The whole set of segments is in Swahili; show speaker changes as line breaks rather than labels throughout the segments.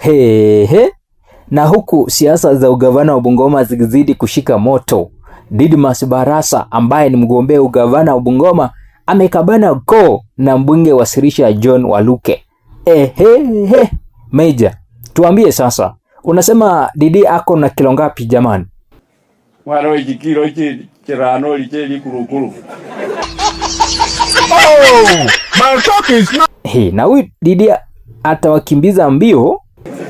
hehe. Na huku siasa za ugavana wa Bungoma zikizidi kushika moto, Didmas Barasa ambaye ni mgombea ugavana wa Bungoma amekabana go na mbunge wa Sirisha John Waluke. he. Meja, tuambie sasa, unasema Didi ako na kilo ngapi jamani?
mwana wiki kilo ichi chirano licheli kurukuru
oh, my talk is not... Hey, na huyu Didi atawakimbiza mbio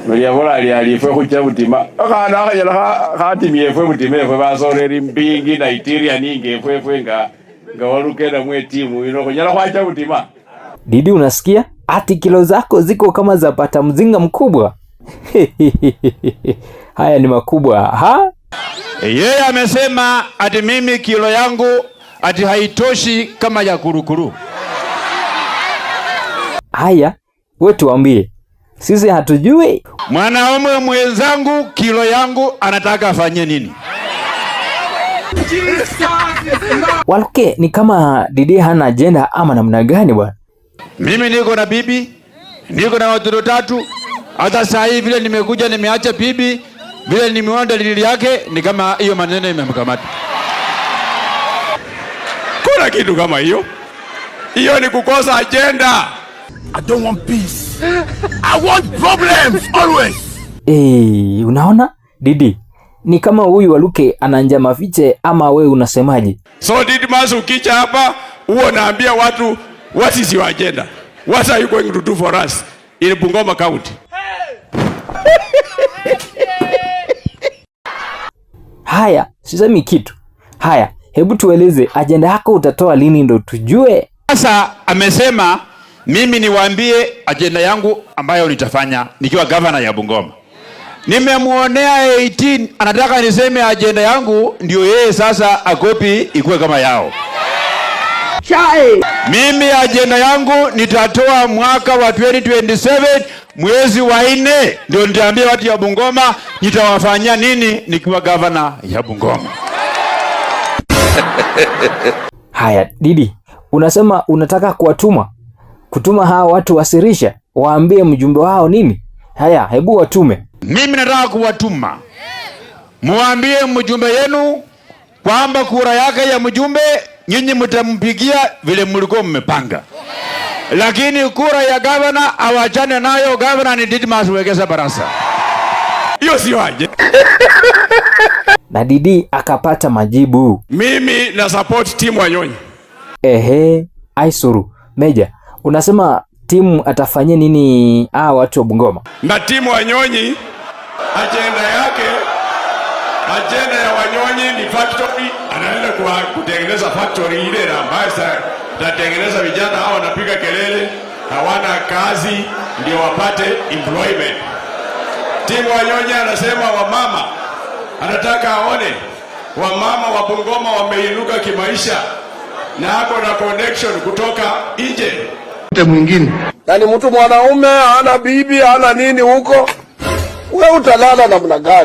nolyakola lyali efwe khucha butima akhana akhanyala khatimya efwe butima efwe basoreri mbingi nigeria ninge efwe efwe nga nga mwe timu ino khunyala khwacha butima
Didi, unasikia ati kilo zako ziko kama zapata mzinga mkubwa haya ni makubwa ha
yeye yeah, amesema ati mimi kilo yangu ati haitoshi kama ya kurukuru.
Haya, wewe sisi hatujui.
Mwanaume mwenzangu, kilo yangu anataka afanye nini?
Waluke ni kama Didi hana ajenda ama namna gani bwana?
Mimi niko na bibi, niko na watoto tatu. Hata saa hii vile nimekuja nimeacha bibi, vile nimeona dalili yake ni kama hiyo maneno imemkamata. Kuna kitu kama hiyo? Hiyo ni kukosa ajenda.
I don't want peace. I want problems always.
Hey, unaona Didi ni kama huyu Waluke ananja mafiche ama we unasemaje?
So Didi Masu ukicha hapa huo naambia watu what is your agenda? What are you going to do for us in Bungoma County?
Haya, sisemi kitu. Haya, hebu tueleze ajenda yako utatoa lini ndo tujue.
Sasa amesema mimi niwaambie ajenda yangu ambayo nitafanya nikiwa gavana ya Bungoma. Nimemwonea 18 anataka niseme ajenda yangu ndio yeye sasa akopi ikuwe kama yao. Chai. Mimi ajenda yangu nitatoa mwaka wa 2027 mwezi wa nne, ndio nitaambia watu ya Bungoma nitawafanyia nini nikiwa gavana ya Bungoma.
Haya, Didi, unasema unataka kuwatuma kutuma hawa watu wasirisha, waambie mjumbe wao nini? Haya, hebu watume.
Mimi nataka kuwatuma muambie mjumbe yenu kwamba kura yake ya mjumbe nyinyi mtampigia vile mlikuwa mmepanga, lakini kura ya gavana awachane nayo. Gavana ni Didmas Wekesa Barasa, hiyo sio aje.
na Didi akapata majibu,
mimi na support timu Wanyonyi.
Ehe, aisuru meja Unasema timu atafanyia nini hawa watu wa Bungoma?
Na timu Wanyonyi, ajenda yake, ajenda ya Wanyonyi ni factory, anaenda kutengeneza factory ile ambayo tatengeneza vijana hao, wanapiga kelele hawana kazi ndio wapate employment. Timu Wanyonyi anasema wamama, anataka aone wamama wa Bungoma wameinuka kimaisha na ako na connection kutoka nje
mwingine
na ni mtu mwanaume, ana bibi ana nini huko, we utalala namna gani?